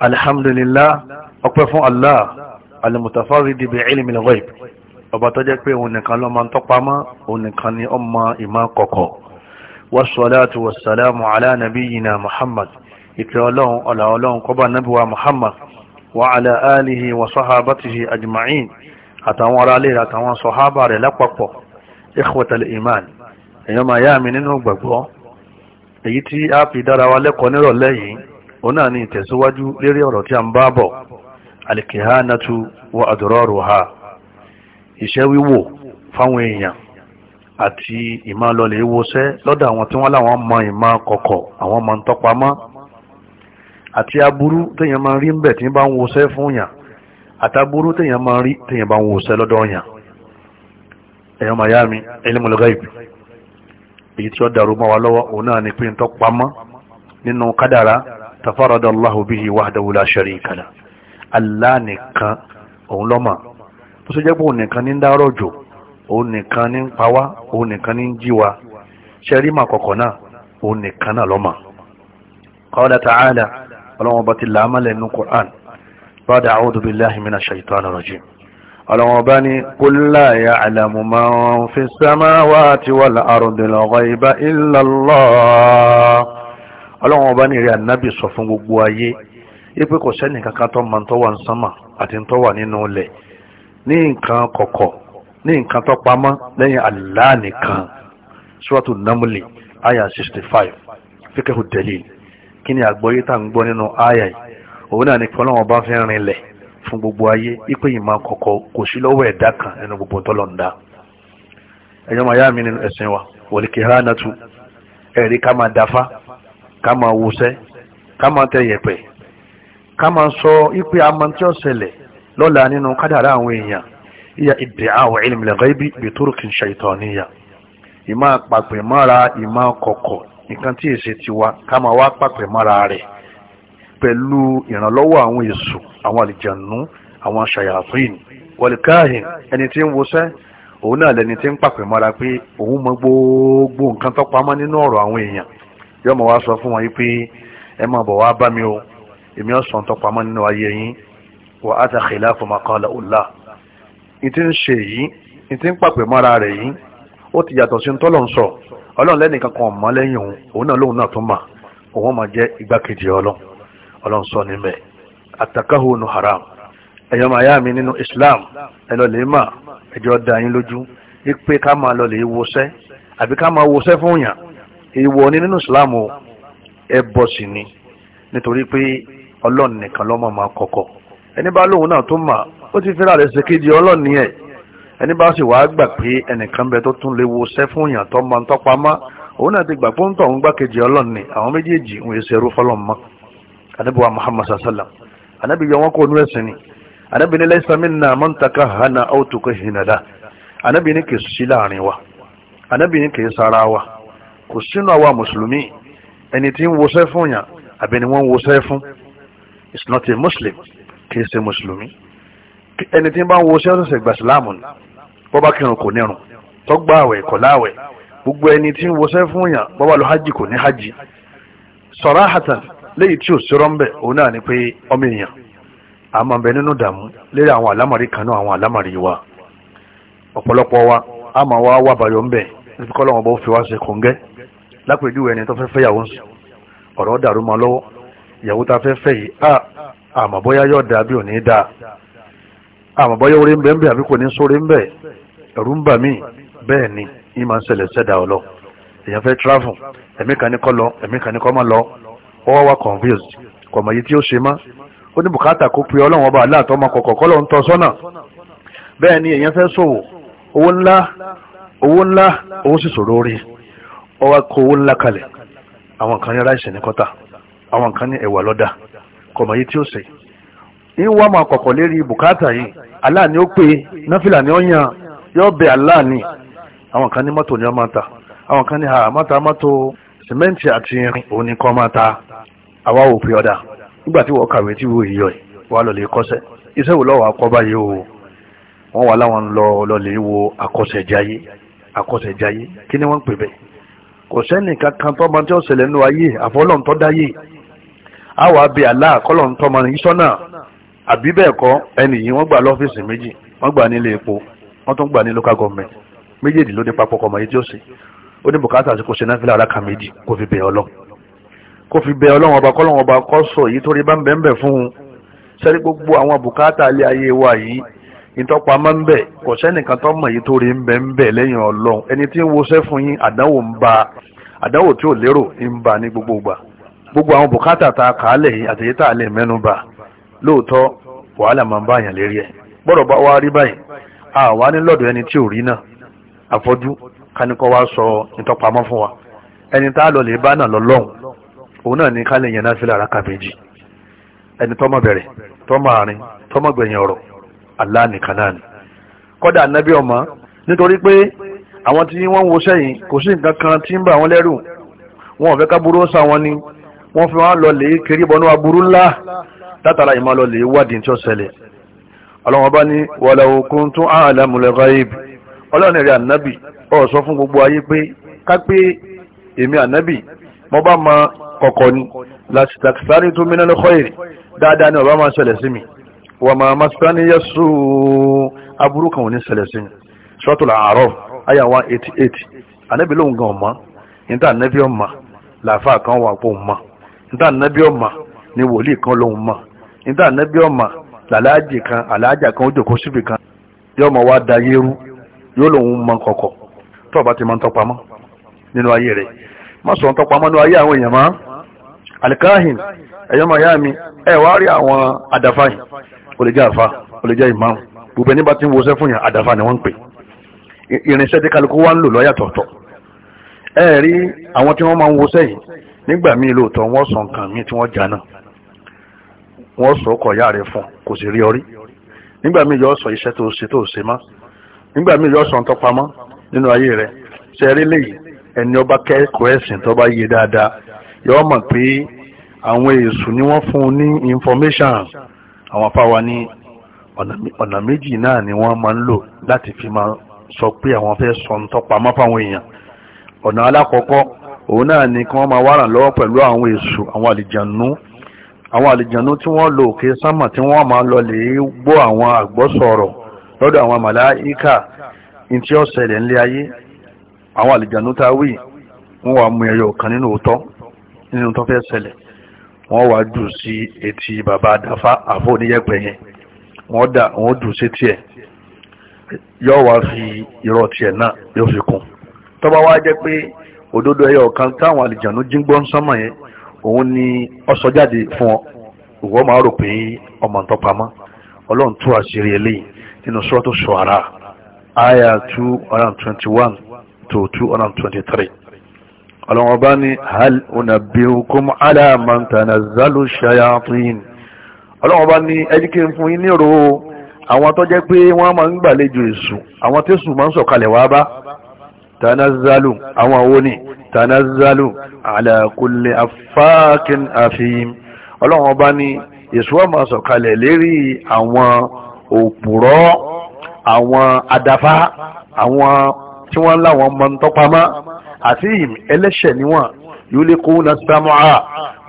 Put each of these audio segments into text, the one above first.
alhamdulillah ọpẹ́ fún allah alimutafaridi bi ilmi al-ghaib ọba tó jẹ́ pé òun nìkan ló máa ń tọ́pamọ́ òun nìkan ni ọmọ ìmọ̀ kọ̀kọ̀ wassalatu wassalamu ala nabiyyina muhammad ìkẹ́ ọlọ́run ọ̀là ọlọ́run kọ́bà nabiwa muhammad wa ala alihi wa sahabatihi ajma'in àtàwọn ará lè àtàwọn sọ̀hábà rẹ̀ lápapọ̀ ikhwatal iman èèyàn máa yá nínú gbàgbọ́ èyí tí a fi dára wa lẹ́kọ̀ọ́ nírọ̀lẹ́ yìí ona ni ìtẹ̀síwájú lérí ọ̀rọ̀ tí a ń bá bọ̀ alìkìhánatu wa ha iṣẹ́ wíwò fáwọn èèyàn àti ìmá lọlẹ̀ ìwòsẹ́ lọ́dọ̀ àwọn tí wọ́n láwọn mọ ìmá kọ̀kọ̀ àwọn mọ tọpamọ́ àti aburú téèyàn máa rí ń bẹ̀ tí bá ń fún yàn máa rí téèyàn bá ń lọ́dọ̀ yàn ẹ̀yọ́ mayami tafarada allahu bihi wahdahu la sharika la allah nìkan òun lọ́mà tó ṣe jẹ́ pé òun nìkan ní ń dárọ̀ jò òun nìkan ní ń pa wá òun nìkan ní ń jí wa ṣẹ́rí mà kọ̀kọ̀ náà òun nìkan náà lọ́mà qala ta'ala ọlọ́wọ́n bá ti làámàlẹ̀ nínú qur'an ba'da a'udhu billahi minash shaitanir rajim ọlọ́wọ́n bá ní qul la ya'lamu man fis samawati wal ardi al-ghayba illa Allah ọlọ́run ọba ní ìrẹ́ ànábì sọ fún gbogbo ayé ipe kò sẹ́ni kankan tó máa ń tọ́wà ń sánmà àti ń tọ́wà nínú ilẹ̀ ní nǹkan kọ̀kọ̀ ní nǹkan tó pamọ́ lẹ́yìn Allah nìkan suratu namuli aya sixty five fíkẹ́hù dalil kí ni àgbọ́yé tá à ń gbọ́ nínú aya yìí òun náà ní pé ọlọ́run ọba fi rinlẹ̀ fún gbogbo ayé ipe ìmọ̀ kọ̀kọ̀ kò sí lọ́wọ́ ẹ̀dá kan nínú gbogbo tọ́lọ́ndà ẹ̀yọ́ màyá mi nínú ẹ̀sìn wa wọ̀lì kìhánatu ẹ̀rí ká máa dáfá Kama máa kama ká máa tẹ yẹ̀pẹ̀ ká máa sọ ipe amantí ọ̀sẹ̀lẹ̀ lọ́la nínú kádàrá àwọn èèyàn ìyá iddi'a'u ilmi al-ghaybi bi turukin shaytaniyya ìmá pàpẹ́ mọ́ra ìmá kọ̀kọ̀ nǹkan tí èsì ti wá ká máa wá pàpẹ́ mọ́ra rẹ̀ pẹ̀lú ìrànlọ́wọ́ àwọn èṣù àwọn àlìjànú àwọn ṣàyàfíìn wọ̀lìkáhìn ẹni tí ń wusẹ́ òun náà lẹni tí ń pàpẹ́ mọ́ra pé òun mọ gbogbo nǹkan tó nínú ọ̀rọ̀ àwọn èèyàn yóò mọ̀ wá sọ fún wọn yìí pé ẹ máa bọ̀ wá bá mi o èmi ọ̀sán tó pamọ́ nínú ayé yín wà á ta khilafu ma qala Allah ìtí ń ṣe yìí ìtí ń pàpẹ́ mọ́ra rẹ̀ yìí ó ti yàtọ̀ sí tọ́lọ̀ ń sọ ọlọ́run lẹ́nìkan kan mọ́ lẹ́yìn òun òun náà lóun náà tún mà òun máa jẹ́ igbákejì ọlọ́run ọlọ́run sọ níbẹ̀ àtàkàhùn haram ẹ̀yọ́ máa yá mi nínú Islam ẹ lọ lè mà ẹjọ́ da yín lójú pé ká máa lọ lè wọṣẹ́ àbí ká máa wọṣẹ́ fún yàn èèwọ̀ ni nínú islam ẹbọ sì ni nítorí pé ọlọ́run nìkan ló mọ̀ máa kọ̀kọ̀ ẹni bá lóun náà tó mà ó ti fẹ́ràn rẹ̀ ṣe kejì ọlọ́run ni ẹ̀ ẹni bá sì wàá gbà pé ẹnìkan bẹ tó tún lè wo ṣẹ́ fún yàn tó máa ń tọ́pa má òun náà ti gbà pé ń gbà kejì ọlọ́run àwọn méjèèjì ń ṣe ẹrú fọlọ́run mọ́ muhammad sallam anábì yọ wọn kó onú ẹ̀sìn ni anábì ní laysa minna man takahhana aw tukahhina lahu anábì ní kì í sí láàrin wa anábì ní kì í sára wa kò sínú àwa mùsùlùmí ẹni tí ń wọṣẹ́ fún yàn àbí ni wọ́n ń wọṣẹ́ fún it's not a muslim kì í ṣe mùsùlùmí ẹni tí ń bá ń wọṣẹ́ ọ̀sẹ̀ gbà síláàmù ni bọ́bá kírun kò nírun tọ́gbà àwẹ̀ kò láwẹ̀ gbogbo ẹni tí ń wọṣẹ́ fún yàn bọ́bá lọ hajj kò ní hajj sarahatan léyìí tí ò sọ̀rọ̀ ń bẹ̀ òun náà ni pé ọmọ èèyàn a máa bẹ nínú dààmú lérí àwọn àlámàrí kan àwọn àlámàrí wa ọ̀pọ̀lọpọ̀ wa a máa wà bàyọ̀ ń bẹ̀ nípa kọ́lọ́wọ́n bó fi wá ṣe kòńgẹ́ lápèjúwe ẹni tó fẹ́ fẹ́ yàwó ń sùn ọ̀rọ̀ dàrú mọ́ lọ́wọ́ ìyàwó a fẹ́ fẹ́ yìí a àmọ́ yóò dáa bí ò ní dáa àmọ́ orí bẹ ń àbí bẹ ń bà mí bẹ́ẹ̀ ni yìí máa travel ẹ̀mí kan ní kọ́ lọ ẹ̀mí kan ní kọ́ má lọ confused kò mọ̀ yìí tí ó ṣe má ó ní bùkátà ọba ọwọ́ kó owó ńlá kalẹ̀ àwọn kan ní ráìsì ní kọ́tà àwọn kan ní ẹ̀wà lọ́dà kọ̀mọ̀ yìí tí ó sè é ń wá máa kọ̀kọ̀ lérí bùkátà yìí aláàní ó pé náfìlà ni ó yàn yóò bẹ aláàní àwọn kan ní mọ́tò ni ó máa ta àwọn kan ní ha mọ́tà mọ́tò sìmẹ́ǹtì àti irin òun ni kọ́ máa ta àwa ò pè ọ̀dà nígbà tí wọ́n kàwé tí wọ́n yíyọ ẹ̀ wà lọ́lẹ̀ kọ́sẹ̀ iṣẹ́ wò lọ́wọ́ akọ́ báyìí o wọ́n wà láwọn lọ lọ́lẹ̀ wo àkọ́sẹ̀jáyé àkọ́sẹ̀jáyé kí ni wọ́n pè bẹ́ẹ̀ kò sẹ́ni kankan tó máa tí ó ṣẹlẹ̀ nínú ayé àfọlọ́n tó dáyé a wàá bẹ Allah kọ́lọ́n tó máa yíṣọ́ náà àbí bẹ́ẹ̀ kọ́ ẹnì yìí wọ́n gbà lọ́fíìsì méjì wọ́n gbà nílé epo wọ́n tún gbà ní local government méjèèjì ló ní papọ̀ kọ́mọ yìí tí ó ṣe ó ní bùkátà sí kò ṣe náfìlà ara méjì kò fi bẹ ọlọ́ kò fi bẹ ọlọ́wọ́n ọba kọ́lọ́wọ́n ọba ìtọ́pamọ́ ń bẹ̀ kò sẹ́nìkan tó mọ̀ yìí lẹ́yìn ọlọ́run ẹni tí ń fún yín àdánwò ń ba tí ò lérò ń ba ní gbogbo gbà gbogbo àwọn bùkátà tá a kàálẹ̀ yìí àtẹ̀yẹ́ tá a lè mẹ́nu bà lóòótọ́ wàhálà máa ń bá àyàn lérí ẹ̀ gbọ́dọ̀ bá rí báyìí ní lọ́dọ̀ ẹni tí ẹni tá a lọ lè bá náà òun náà ní ká lè yẹn náà fi kàbéjì ẹni tọ́mọ bẹ̀rẹ̀ tọ́mọ àárín tọ́mọ gbẹ̀yìn Allah nìkan náà ni kọ́dà nábì ọmọ nítorí pé àwọn tí wọ́n ń wo sẹ́yìn kò sí nǹkan kan tí ń bà wọ́n lẹ́rù wọn ò fẹ́ ká burú sá wọn ni wọ́n fi wọ́n lọ lè kiri bọnú aburú ńlá látara ìmọ̀ lọ lè wádìí tí ó ṣẹlẹ̀ ọlọ́wọ́n bá ní walau kuntu a'lamul ghaib ọlọ́run ẹ̀rí ànábì ó sọ fún gbogbo ayé pé ká pé èmi ànábì mo bá ma kọ̀kọ̀ ni làṣìtàkìsárì tó mí náà lọ́kọ́ èrè dáadáa ni ọba máa ṣẹlẹ̀ sí mi wà máa ma sani yẹ so aburú kan ò ní ṣẹlẹ̀ sí mi a A'raf àyà one eighty eight ànábì lóhùn gan kan wà pò ma níta ànábì ma ni wòlíì kan lóhùn ma níta ànábì ma làlájì kan àlájà kan ó jòkó síbì kan yóò máa ma kọ̀kọ̀ tó ti máa ń tọpamọ́ ó lè jẹ́ àfa ó lè jẹ́ ìmáàmù gbogbo ẹni bá ti ń wọṣẹ́ fún yàn àdàfà ni wọ́n ń pè irinṣẹ́ tí kálukú wá ń lò lọ́yàtọ̀ọ̀tọ̀ ẹ rí àwọn tí wọ́n máa ń wọṣẹ́ yìí nígbà míì lóòótọ́ wọ́n sọ nǹkan míì tí wọ́n jà náà wọ́n sọ ọkọ̀ ìyá rẹ̀ fún kò sì rí ọrí nígbà míì yóò sọ iṣẹ́ tó ṣe tó ṣe mọ́ nígbà míì yóò sọ ń tọpamọ́ nínú ayé rẹ̀ ṣe rí léyìí ẹni ọba kẹ́kọ̀ọ́ ẹ̀sìn tó bá yé dáadáa yóò mọ̀ pé àwọn èṣù ni wọ́n fún un ní information àwọn afáwa ní ọ̀nà méjì náà ni wọ́n máa ń lò láti fi máa sọ pé àwọn fẹ́ sọ ń tọ́pa mọ́ fáwọn èèyàn ọ̀nà alákọ̀ọ́kọ́ òun náà ni kí wọ́n máa wá ràn lọ́wọ́ pẹ̀lú àwọn èṣù àwọn àlìjànú àwọn àlìjànú tí wọ́n lò òkè sámà tí wọ́n máa lọ lè gbọ́ àwọn àgbọ́sọ̀rọ̀ lọ́dọ̀ àwọn màláíkà ntí ó ṣẹlẹ̀ ńlẹ̀ ayé àwọn àlìjànú tá a wí wọ́n wà mú ẹyọ kan nínú òótọ́ nínú tó fẹ́ ṣẹlẹ̀ wọ́n wá jù sí etí bàbá àdáfá àfọ oníyẹ̀pẹ̀ yẹn wọ́n dà wọ́n jù sí tiẹ̀ yóò wá fi irọ́ tiẹ̀ náà yóò fi kún tọ́ba wá jẹ́ pé òdodo ẹyọ kan táwọn àlìjànú jíǹgbọ́ ń sánmọ̀ yẹn òun ni ọ̀sọ́ fún ọ ìwọ máa rò pé ọmọ ń tọpamọ́ ọlọ́run tú àṣírí eléyìí nínú sọ́ọ́tù sọ̀rà àyà two hundred and twenty one to two hundred and twenty three ọlọ́wọ́n bá ní hal unabbiukum ala man tanazzalu shayatin ọlọ́wọ́n bá ní ẹjíkẹ́ fún yín nírò àwọn tó jẹ́ pé wọ́n máa ń gbàlejò èṣù àwọn tí èṣù máa ń sọ̀kalẹ̀ wá bá tanazzalu àwọn owó ní tanazzalu ala kulli afákin àfihìm ọlọ́wọ́n bá ní èṣù wọ́n máa sọ̀kalẹ̀ lérí àwọn òpùrọ́ àwọn adáfá àwọn tí wọ́n láwọn mọ́ ń tọ́pamọ́ àti ẹlẹ́ṣẹ̀ níwọ̀n yóò lè kó na sámúà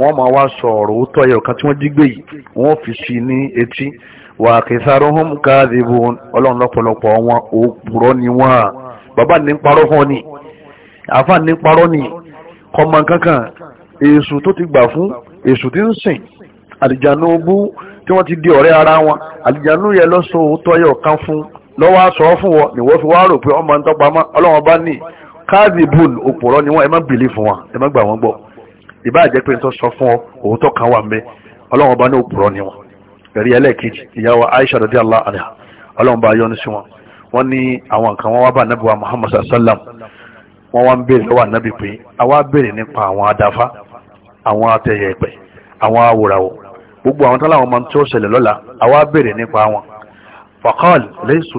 wọ́n máa wá sọ̀rọ̀ òótọ́ ẹ̀yọ̀ kan tí wọ́n jí gbé yìí wọ́n fi sí ní etí wà kẹsàrọ́hún káàdìbò ọlọ́run lọ́pọ̀lọpọ̀ wọn òpùrọ́ ni wọ́n bàbá ní parọ́ fún ọ ni àfa ní parọ́ ni kọ́mọ kankan èṣù tó ti gbà fún èṣù tí ń sìn àlìjánu bú tí wọ́n ti di ọ̀rẹ́ ara wọn àlìjánu yẹ lọ́sọ̀ òótọ́ ẹ̀yọ̀ kan fún lọ́wọ́ aṣọ fún wọn nìwọ́ fi wá rò pé ọmọ ń tọ́pamọ́ ọlọ́run bá nì káàdìbùn òpòrọ́ ni wọ́n ẹ má bìlí fún wa ẹ má gbà wọ́n gbọ́ ìbá jẹ́ pé n tó sọ fún ọ òun tó kàn wà mẹ́ ọlọ́run ọba ní òpòrọ́ ni wọn ẹ̀rí ẹlẹ́ẹ̀kejì ìyàwó Aisha radiyallahu anha ọlọ́run bá yọ́nú sí wọn wọ́n ní àwọn nǹkan wọn wá bá nàbí wa Muhammad sallam wọ́n wá ń béèrè lọ́wọ́ ànábì pé àwa béèrè nípa àwọn adáfá àwọn atẹ̀yẹ ẹ̀pẹ̀ àwọn awòràwọ̀ gbogbo àwọn táwọn máa ń tó ṣẹlẹ̀ lọ́la àwa béèrè nípa wọn faqal laysu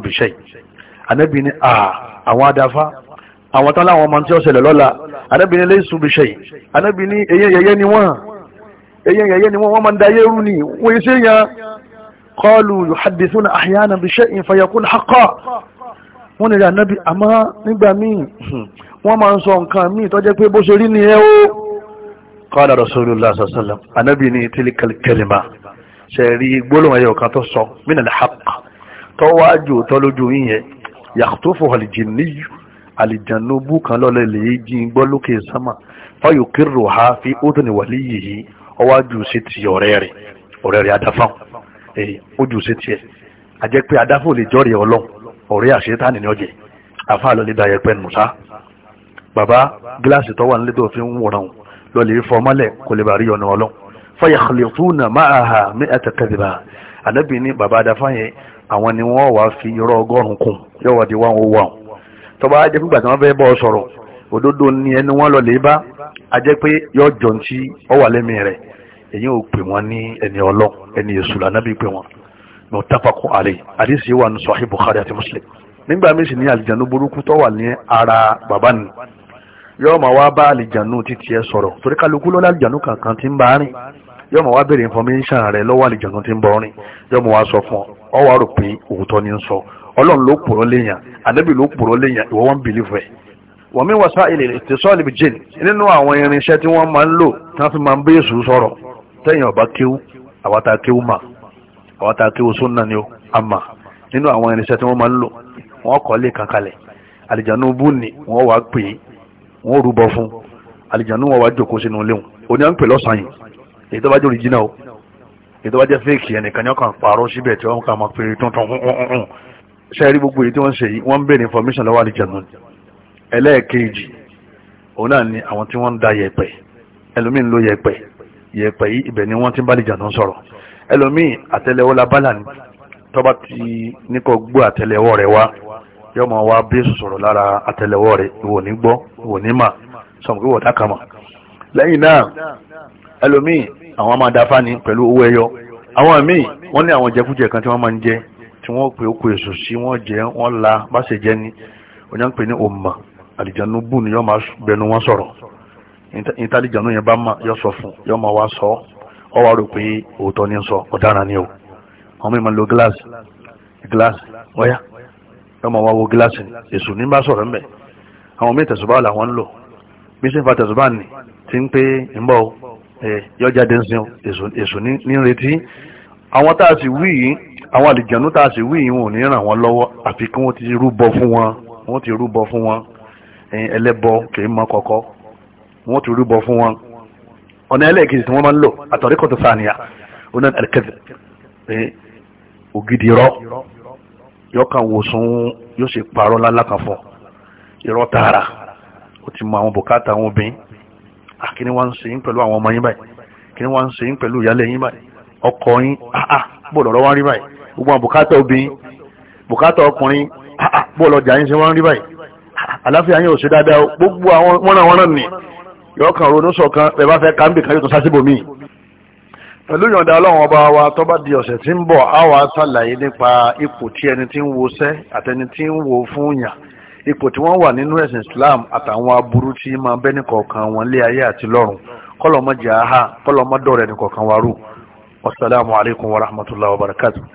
ànábì ní àwọn adáfá àwọn tán láwọn ọmọ tí ó ṣẹlẹ̀ lọ́la anábì ní lẹ́sùn bí ṣe anábì ní eyín yẹyẹ ni wọ́n eyín yẹyẹ ni wọ́n wọ́n máa ń da ayé rú ni wọ́n ṣe yan qalu yuhaddithuna ahyana bi shay'in fayakun wọ́n ní anábì àmọ́ nígbà míì wọ́n máa ń sọ nǹkan míì tó pé bó ṣe rí ni ẹ o qala rasulullah sallallahu alaihi wasallam anábì ní tilkal kalima ṣe rí gbólóhùn ẹyọ àlìjànúbù kan lọ́lẹ̀ lè jí gbọ́ lókè sánmà fáyò kérò ha fi ó tó ní wàlí yìí ọwájú sí ti ọ̀rẹ́ rẹ̀ ọ̀rẹ́ rẹ̀ adáfáwọn èyí ojú sí tiẹ̀ àjẹ́ pé adáfáwọn lè jọ́rìí ọlọ́run ọ̀rẹ́ àṣetánì ní ọjẹ́ àfáà lọ́lẹ̀ dayẹ pẹ́ nù sá bàbá gíláàsì tọ́wà nílé tó fi ń wòran lọ́lẹ̀ fọmọ́lẹ̀ kò lè bàrí ọ̀nà ọlọ́run fọyà tọba ajẹ́ pígbà tí wọ́n fẹ́ bọ́ sọ̀rọ̀ òdodo ni ẹnu wọn lọ lè bá ajẹ́ pé yọ jọ ti ọ wà lẹ́mí rẹ̀ èyí ò pè wọ́n ní ẹni ọlọ́ ẹni èṣù lànàbí pè wọ́n mọ̀tàfàkù àlè àdìsí wà ní sọ̀hí Bukhari àti Muslim nígbà míì sì ní àlìjànú burúkú tó ní ara bàbá ni yọ ma wá bá àlìjànú títí ẹ sọ̀rọ̀ torí kálukú lọ́lá àlìjànú kankan ti ń bá rìn yọ ma wá béèrè information rẹ̀ lọ́wọ́ àlìjànú ti ń bọ́ rìn yọ ma wá sọ fún ọ ọ wà òótọ́ ni ń sọ ọlọ́run ló pòrọ́ léyàn ànábì ló pòrọ́ léyàn ìwọ wọn bìlífù ẹ̀ wọ́n mi wàsá ilẹ̀ ìtẹ̀sọ́ọ̀lì bíi jìn nínú àwọn irinṣẹ́ tí wọ́n máa ń lò tí wọ́n fi máa ń bá Èṣù sọ̀rọ̀ tẹ̀yìn ọba kéwú àwátá kéwú mà àwátá kéwú súnà ni ó àmà nínú àwọn irinṣẹ́ tí wọ́n máa ń lò wọ́n kọ́ lé kankalẹ̀ àlìjánu bú ni wọ́n wá pè é wọ́n rúbọ original o fake ẹnìkan ní ọkàn pààrọ̀ síbẹ̀ tí wọ́n sẹ́ẹ̀rí gbogbo èyí tí wọ́n ṣe yìí wọ́n ń bèèrè information lọ́wọ́ àlìjẹ̀nù ẹlẹ́ẹ̀kejì òun náà ni àwọn tí wọ́n ń da yẹ̀pẹ̀ ẹlòmíín ló yẹ̀pẹ̀ yẹ̀pẹ̀ yìí ibẹ̀ ni wọ́n ti ń bá àlìjẹ̀nù sọ̀rọ̀ ẹlòmíín àtẹlẹwọ́ la bálà ni tọ́ba ti ní kó gbọ́ àtẹlẹwọ́ rẹ wá yóò máa wá bí èso sọ̀rọ̀ lára àtẹlẹwọ́ rẹ ìwọ ní gbọ́ ìwọ ní mà sọ̀mùkú wọ̀ dákàmà lẹ́yìn náà ẹlòmíín àwọn máa dáfá ni pẹ̀lú owó ẹyọ àwọn míì wọ́n ní àwọn jẹkújẹ kan tí wọ́n máa ń jẹ wọ́n pè ó kó èso sí wọ́n jẹ wọ́n la bá ṣe jẹ ni oní àpè ní òmà àlìjánu bù ni yọ́ máa bẹnu wọn sọ̀rọ̀ ìtàlìjánu yẹn bá mà yọ sọ fún yọ́ máa wá sọ ọ wá rò pé òótọ́ ni sọ ọ̀daràn ni o àwọn mìíràn lo gíláàsì gíláàsì ọ̀yà yọ́ máa wá wo gíláàsì èso ní bá sọ̀rọ̀ mbẹ̀ àwọn mìíràn tẹ̀sùbá làwọn ń lò bí sínfà tẹ̀sùbá ni ti ń pé ń bọ̀ yọjáde ń sin èso ní retí àwọn tá a sì wí yìí àwọn àlìjẹ̀nú tá a sì wí ìwọ̀n ní ràn wọ́n lọ́wọ́ àfi kí wọ́n ti rúbọ fún wọn wọ́n ti rúbọ fún wọn ẹlẹ́bọ kì í mọ kọ̀kọ́ wọ́n ti rúbọ fún wọn ọ̀nà ẹlẹ́ẹ̀kejì tí wọ́n máa ń lò àtọ̀ríkọ̀ tó sàníyà ọ̀nà ẹ̀kẹ́fẹ̀ ògidì rọ yóò kàn wò sún yóò sì parọ́ lálá kan fún irọ́ tààrà ó ti mọ àwọn bùkátà àwọn obìnrin àkíní wá ń ṣe pẹ̀lú àwọn ọmọ yín báyìí kíní wá ń ṣe pẹ̀lú ìyálẹ̀ yín báyìí ọkọ yín àá bò lọ́rọ́ wá rí báyìí gbogbo àwọn bùkátà obìnrin bùkátà ọkùnrin bọ́ọ̀lù ọjà yín ṣe wọ́n rí báyìí àláfíà yín ò ṣe dáadáa o gbogbo àwọn wọ́nà wọ́nà kan ronú sọ̀kan kan yóò tún sásìbò pẹ̀lú ọlọ́run ọba wa tó bá di ọ̀sẹ̀ tí ń bọ̀ á wàá ṣàlàyé nípa ipò tí ẹni tí ń àtẹni tí ń wo fún yàn ipò tí wọ́n wà nínú ẹ̀sìn Islam àtàwọn aburú tí máa bẹ́ wọn